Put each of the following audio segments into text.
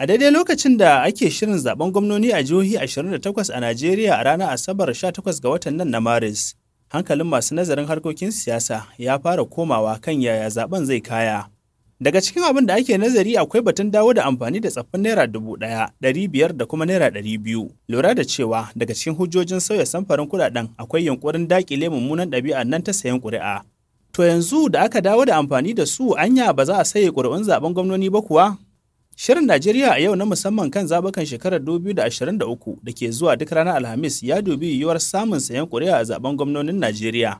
A daidai lokacin da ake shirin zaben gwamnoni a jihohi 28 a Najeriya a ranar Asabar 18 ga watan nan na Maris, hankalin masu nazarin harkokin siyasa ya fara komawa kan yaya zaben zai kaya. Daga cikin abin da ake nazari akwai batun dawo da amfani da tsaffin naira dubu ɗaya, ɗari biyar da kuma naira ɗari biyu. Lura da cewa daga cikin hujjojin sauya samfarin kuɗaɗen akwai yunkurin daƙile mummunan ɗabi'a nan ta sayan ƙuri'a. To yanzu da aka dawo da amfani da su anya ba za a saye ƙuri'un zaben gwamnoni ba kuwa? Shirin Najeriya a yau na musamman kan zaɓukan shekarar 2023 da ke zuwa duk ranar Alhamis ya dubi yiwuwar samun sayan ƙuri'a a zaben gwamnonin Najeriya.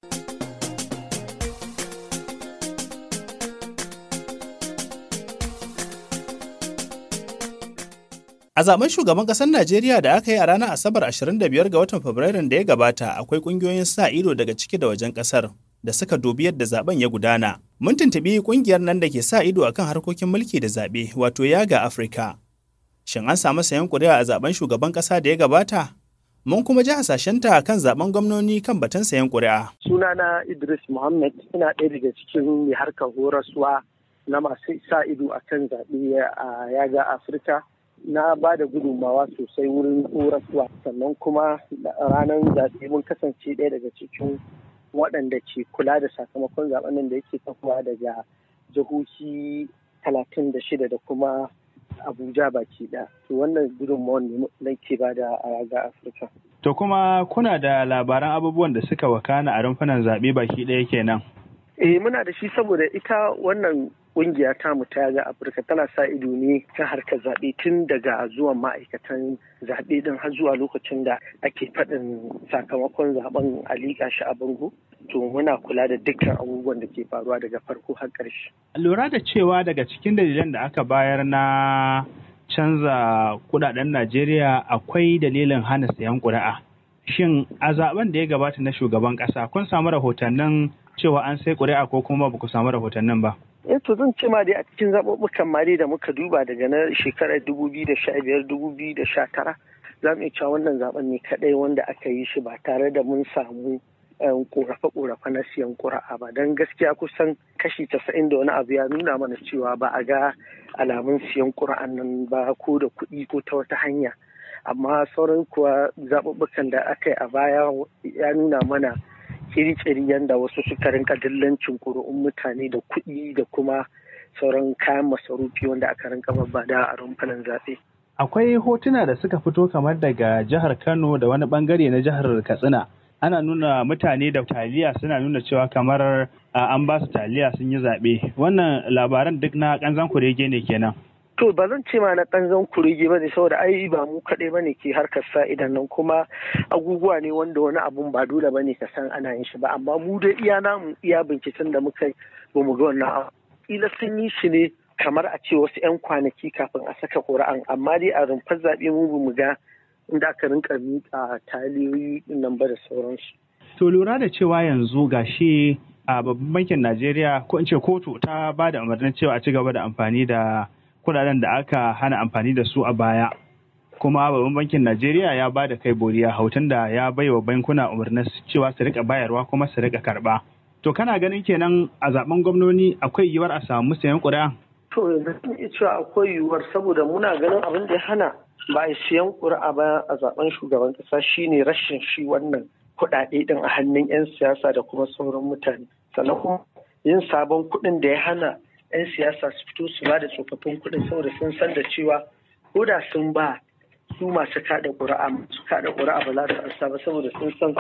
A zaben shugaban ƙasar Najeriya da aka yi a ranar Asabar 25 ga watan Fabrairun da ya gabata akwai ƙungiyoyin sa ido daga ciki da wajen ƙasar da suka dubi yadda zaben ya gudana. Mun tuntuɓi ƙungiyar nan da ke sa ido akan harkokin mulki da zaɓe wato yaga Afirka. Shin an samu sayan ƙuri'a a zaben shugaban ƙasa da ya gabata? Mun kuma ji hasashenta kan zaben gwamnoni kan batun sayan ƙuri'a. Sunana Idris Muhammad ina ɗaya daga cikin mai harkar horaswa na masu sa ido a kan zaɓe a yaga Afirka. na ba da gudunmawa sosai wurin horaswa sannan kuma ranar zaɓe mun kasance ɗaya daga cikin waɗanda ke kula da sakamakon zaben nan da yake kuma daga jihohi talatin da shida da kuma abuja baki ɗaya to wannan gudunmawar ne ke ba da ga afirka to kuma kuna da labaran abubuwan da suka wakana a rumfunan zaɓe baki ɗaya kenan Eh muna da shi saboda ita wannan kungiya ta mu ta ga Afirka tana sa ido ne ta harkar zaɓe tun daga zuwan ma'aikatan zaɓe din har zuwa lokacin da ake faɗin sakamakon zaɓen alika shi a bango. To muna kula da dukkan abubuwan da ke faruwa daga farko har ƙarshe. Lura da cewa daga cikin dalilan da aka bayar na canza kudaden Najeriya akwai dalilin hana sayan ƙuri'a. Shin a zaɓen da ya gabata na shugaban ƙasa kun samu rahotannin cewa an sai ƙuri'a ko kuma ba ku samu rahotannin ba? eto eh, zan ce ma dai a cikin zaɓuɓɓukan ma da muka duba daga na shekarar 2015-2019 za mu iya cewa wannan zaɓen ne kaɗai wanda aka yi shi ba tare da mun samu eh, ƙorafe-ƙorafe na siyan ƙura'a ba don gaskiya kusan kashi casa'in da wani abu ya nuna mana cewa ba a ga alamun siyan ƙura'an nan ba ko da kuɗi ko ta wata hanya amma sauran kuwa zaɓuɓɓukan da aka yi a baya ya nuna mana tsiri-tsiri yadda wasu suka rinka dillancin ƙuri'un mutane da kuɗi da kuma sauran kayan masarufi wanda aka rinka babbada a rumfunan zaɓe. Akwai hotuna da suka fito kamar daga jihar Kano da wani bangare na jihar Katsina. Ana nuna mutane da taliya suna nuna cewa kamar an ba su taliya sun yi zaɓe. Wannan labaran duk na ƙanzan kurege ne kenan. To ba zan ce ma na ƙanzon kurege ba ne saboda ai ba mu kaɗai ba ne ke harkar sa idan nan kuma abubuwa ne wanda wani abun ba dole ba ne ka san ana yin shi ba amma mu dai iya namu iya binciken da muka ba mu ga wannan Ila sun yi shi ne kamar a ce wasu 'yan kwanaki kafin a saka ƙura'an amma dai a rumfar zaɓe mu ba mu ga inda aka rinka miƙa taliyoyi nan ba da sauransu. To lura da cewa yanzu gashi a babban bankin Najeriya ko in ce kotu ta ba da umarnin cewa a ci gaba da amfani da kudaden da aka hana amfani da su a baya kuma babban bankin najeriya ya ba da kai boriya hautun da ya bai wa bankuna umarnin cewa su rika bayarwa kuma su rika karba to kana ganin kenan a zaben gwamnoni akwai yiwuwar a samu sayan ƙuri'a to yanzu iya cewa akwai yiwuwar saboda muna ganin abin da ya hana ba a sayan ƙuri'a ba a zaben shugaban kasa shine rashin shi wannan kuɗaɗe din a hannun 'yan siyasa da kuma sauran mutane sannan kuma yin sabon kuɗin da ya hana 'yan siyasa su fito su ba da tsofaffin kuɗin saboda sun san da cewa ko da sun ba su masu kaɗa ƙuri'a masu kaɗa ƙura'a ba za su ansa ba saboda sun san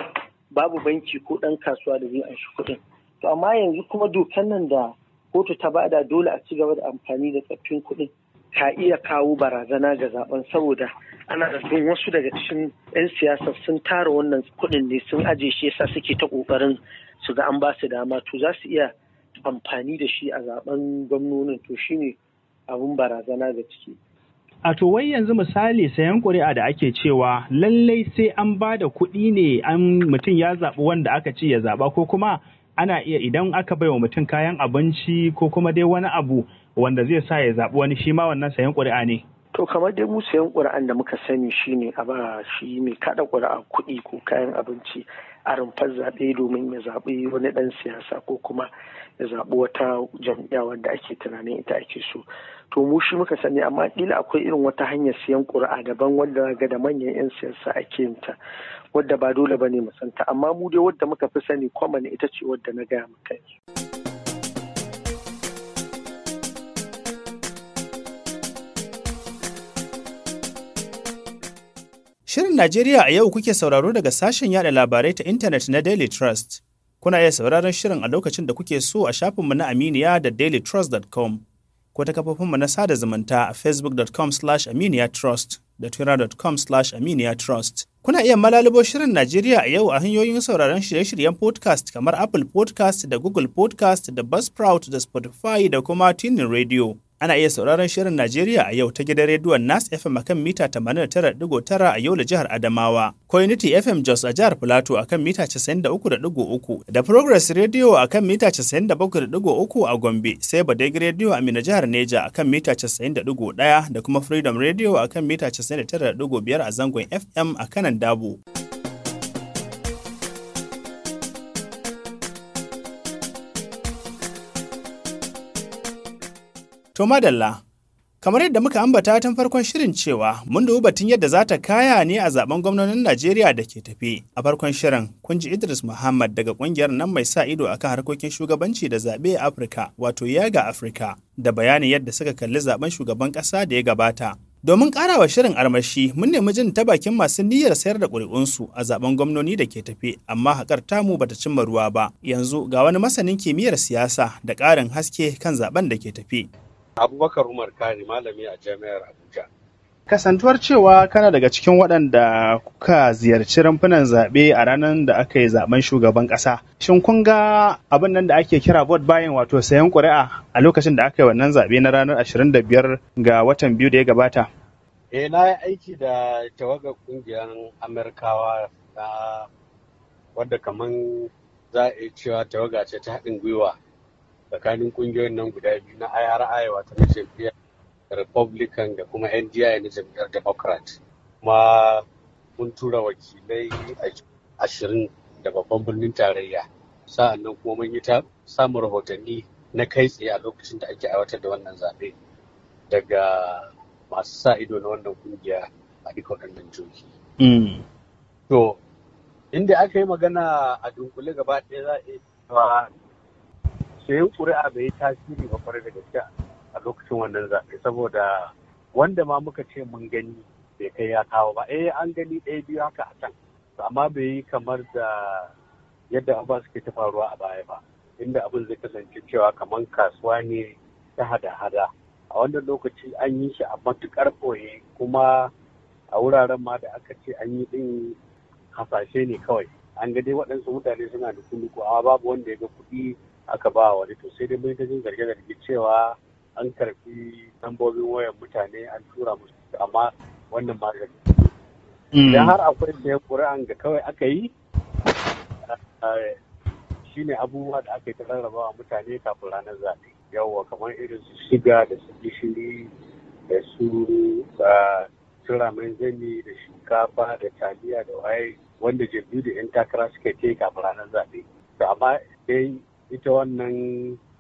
babu banki ko ɗan kasuwa da zai anshi kuɗin to amma yanzu kuma dokan nan da kotu ta bada dole a ci gaba da amfani da tsaffin kuɗin ka iya kawo barazana ga zaben saboda ana sun wasu daga cikin 'yan siyasa sun tara wannan kuɗin ne sun ajiye shi yasa suke ta ƙoƙarin su ga an ba su dama to za su iya amfani da shi a zaben gwamnonin to shine abun barazana ga ciki. A to wai yanzu misali sayan ƙuri'a da ake cewa lallai sai an ba da kuɗi ne an mutum ya zaɓi wanda aka ce ya zaɓa ko kuma ana iya idan aka bai wa mutum kayan abinci ko kuma dai wani abu wanda zai sa ya zaɓi wani shi ma wannan sayan ƙuri'a ne. To kamar dai mu sayan ƙuri'an da muka sani shi ne a ba shi mai kaɗa ƙuri'a kuɗi ko kayan abinci a rumfar zaɓe domin ya zaɓi wani ɗan siyasa ko kuma ya zaɓi wata jam'iyya wanda ake tunanin ita ake so to mu shi muka sani amma ƙila akwai irin wata hanyar siyan ƙuri'a daban wanda ga da manyan 'yan siyasa ake yin ta wadda ba dole ba ne mu amma mu dai wadda muka fi sani kwamani ita ce wadda na gaya maka yanzu. Shirin Najeriya a yau kuke sauraro daga sashen yada labarai ta intanet na Daily Trust. Kuna iya sauraron shirin a lokacin da kuke so a shafinmu na Aminiya da dailytrust.com ko ta kafofinmu na sada zumunta a facebook.com slash aminiyatrust da twitter.com slash aminiyatrust. Kuna iya malalibo shirin Najeriya a yau a hanyoyin sauraron shirye-shiryen podcast kamar Apple podcast da Google podcast da Buzzsprout da Spotify da kuma Tuning Radio. Ana iya sauraron shirin Najeriya a yau ta gidan rediyon Nas FM a kan mita 89.9 a yau da jihar Adamawa, Community FM Jos a jihar Filato a kan mita 93.3, da Progress Radio a kan mita 97.3 a Gombe, sai Badeg Radio a Mina jihar Neja a kan mita 91 da kuma Freedom Radio a kan mita 99.5 a zangon FM a kanan Dabo. To madalla, kamar yadda muka ambata tun farkon shirin cewa mun dubi batun yadda za ta kaya ne a zaben gwamnonin Najeriya da ke tafe. A farkon shirin kun ji Idris Muhammad daga kungiyar nan mai sa ido akan harkokin shugabanci da zaɓe a Afirka wato Yaga Afirka da bayanin yadda suka kalli zaben shugaban ƙasa da ya gabata. Domin ƙarawa shirin armashi mun nemi jin ta bakin masu niyyar sayar da ƙuri'unsu a zaben gwamnoni da ke tafe amma haƙar tamu bata cimma ruwa ba. Yanzu ga wani masanin kimiyyar siyasa da ƙarin haske kan zaben da ke tafe. Abubakar Umar Kari malami a jami'ar Abuja. Kasantuwar cewa kana daga cikin waɗanda kuka ziyarci rumfunan zaɓe a ranar da aka yi zaben shugaban ƙasa. Shin kun ga abin nan da ake kira vote bayan wato sayan ƙuri'a a lokacin da aka yi wannan zaɓe na ranar 25 ga watan biyu da ya gabata? Eh na yi aiki da tawagar ƙungiyar Amurkawa na ah, wadda kaman za a iya cewa tawaga ce ta haɗin gwiwa tsakanin kungiyoyin nan guda biyu na IRI wata na jam'iyyar Republican da kuma NDI na jam'iyyar Democrat. Kuma mun tura wakilai ashirin da babban birnin tarayya. Sa'an nan kuma mun yi ta samun rahotanni na kai tsaye a lokacin da ake aiwatar da wannan zaɓe daga masu sa ido na wannan kungiya a duka waɗannan joki. Mm. To, inda aka yi magana a dunkule gaba ɗaya za a iya yin ƙuri'a bai yi tasiri ba kwarai da gaske a lokacin wannan zaɓe saboda wanda ma muka ce mun gani bai kai ya kawo ba eh an gani ɗaya biyu haka a can amma bai yi kamar da yadda abuwa suke ta faruwa a baya ba inda abin zai kasance cewa kamar kasuwa ne ta hada-hada a wannan lokaci an yi shi a matuƙar ɓoye kuma a wuraren ma da aka ce an yi ɗin hasashe ne kawai an ga dai waɗansu mutane suna da kunuku amma babu wanda ya ga kuɗi aka ba wani to sai dai mun ta jin zarge cewa an karfi lambobin wayan mutane an tura musu amma wannan ma hmm. idan har akwai da ƙuri'an ga kawai aka yi eh, shine abubuwa da aka yi ta rarrabawa mutane kafin ranar zaɓe yawwa kamar irin su shiga da su gishiri da su tura ah, mai zani da shinkafa da taliya da waye wanda jam'iyyu da 'yan takara suka ke kafin ranar zaɓe to amma dai ita wannan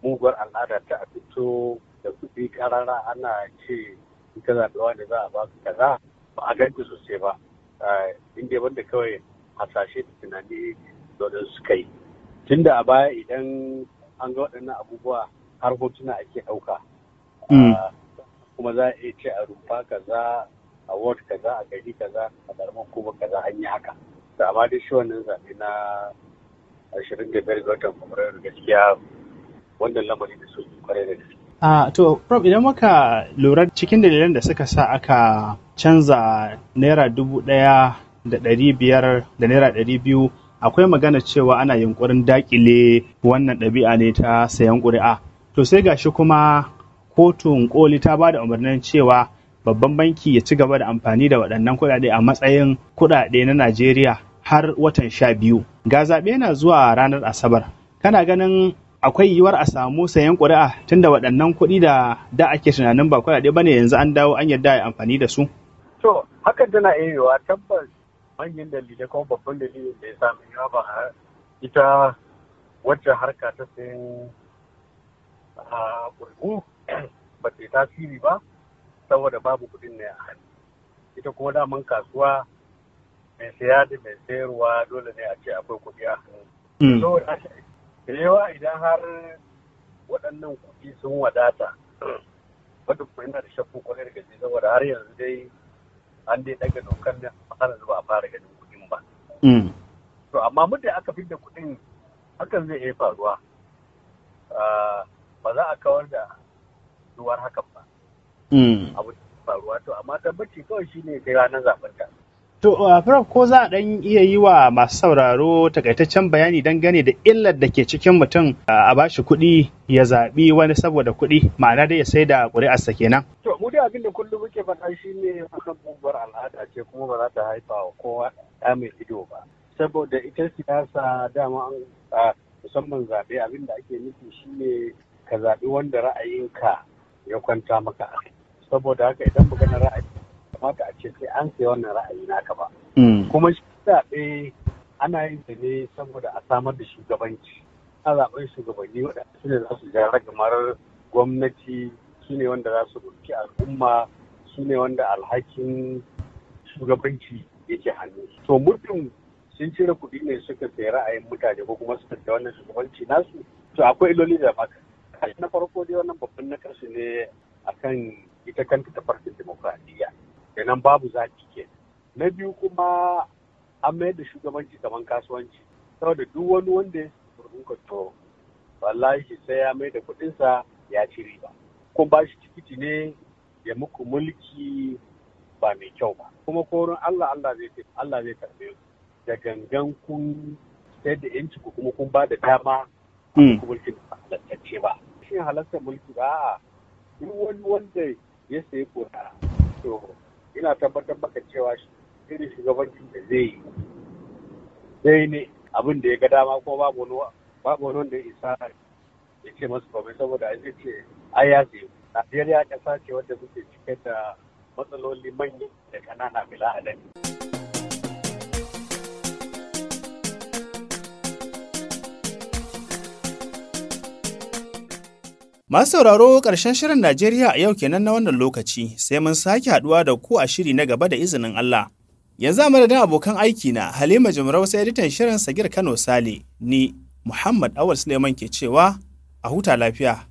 muguwar al'ada ta fito da kuɗi karara ana ce in ka zaɓi wani za a ba ka kaza ba a ganta sosai ba eh, inda wanda kawai hasashe da tunani su suka yi da a baya idan an ga waɗannan abubuwa har hotuna ake ɗauka hmm. ah, kuma za a iya ce a rumfa kaza a ward kaza a gari kaza a garman kuma kaza an yi haka da amma dai shi wannan zaɓe na ashirin da biyar watan fabrairu gaskiya wannan da gaske. a to prof idan muka lura cikin dalilan da suka sa aka canza naira dubu ɗaya da ɗari biyar da naira ɗari biyu akwai magana cewa ana yunkurin dakile wannan ɗabi'a ne ta sayan ƙuri'a to sai gashi kuma kotun koli ta ba da umarnin cewa babban banki ya ci gaba da amfani da waɗannan kuɗaɗe a matsayin kuɗaɗe na najeriya har watan sha biyu ga zaɓe na zuwa ranar asabar kana ganin akwai yiwuwar a samu sayan ƙuri'a tunda waɗannan kuɗi da da ake tunanin ba kuɗaɗe ba ne yanzu an dawo an yarda a amfani da su. to hakan tana iya yiwuwa tabbas manyan dalilai kuma babban dalilin da ya sami yawa ba ita wacce harka ta sayan ƙuri'u ba ta tasiri ba saboda babu kuɗin ne a hannu ita kuma daman kasuwa mai saya da mai sayarwa dole ne a ce akwai kuɗi a hannu. Hmm. So, da yawa idan har waɗannan kuɗi sun wadata, wadda kuma yana da shafin kwanar da gaske saboda har yanzu dai an dai ɗaga dokar da har yanzu ba a fara ganin kuɗin ba. Hmm. To, amma muddin aka fi da kuɗin hakan zai iya faruwa. Ah, ba za a kawar da duwar hakan ba. Hmm. Abu faruwa to amma tabbaci kawai shine kai ranar zaɓen To, a uh, Prof, ko za a ɗan iya yi wa masu sauraro takaitaccen bayani dangane da illar da ke cikin mutum uh, a bashi kuɗi ya zaɓi wani saboda kuɗi ma'ana dai ya sai da ƙuri'arsa kenan. To, mu dai abin da kullum muke faɗa shi ne wannan bubar al'ada ce kuma ba za ta haifa wa kowa ɗa mai ido ba. Saboda ita siyasa dama an musamman zaɓe abin da ake nufi shi ne ka zaɓi wanda ra'ayinka ya kwanta maka. Saboda haka idan mu ra'ayi kamata a ce sai an sai wannan ra'ayi naka ba mm. kuma shi zaɓe ana yin da ne saboda a samar da shugabanci a zaɓen shugabanni waɗanda su ne za su ja ragamar gwamnati su ne wanda za su ɗauki al'umma su ne wanda alhakin shugabanci yake hannu to muddin sun cire kuɗi ne suka sai ra'ayin mutane ko kuma suka sai wannan shugabanci nasu to akwai iloli da maka na farko dai wannan babban na ne akan ita kanta farkin dimokuraɗiyya kenan babu zaki ke na biyu kuma an mayar da shugabanci kamar kasuwanci saboda duk wani wanda ya ka to wallahi sai ya mai da kuɗinsa ya ci riba ko ba shi tikiti ne ya muku mulki ba mai kyau ba kuma korin Allah Allah zai Allah zai karbe da gangan kun sai da yanci ku kuma kun ba da dama ku hmm. mulkin halattacce ba shin halartar mulki ba a'a duk wani wanda ya sayi kora to ina tabbatar maka cewa shi irin shugabancin da zai yi zai ne abin da ya ga dama ko babu wani babu wani wanda isa ya ce masu komai saboda zai ce a ya zai Najeriya kasa ce wadda suke cike da matsaloli manyan da ƙanana bila adadi. Masu sauraro ƙarshen shirin Najeriya a yau kenan na wannan lokaci sai mun sake haɗuwa da ku a shiri na gaba da izinin Allah. Yanzu a madadin abokan aiki na Halima Jumrau sai editan shirin Sagir Kano Sale ni Muhammad Awal Suleiman ke cewa a huta lafiya.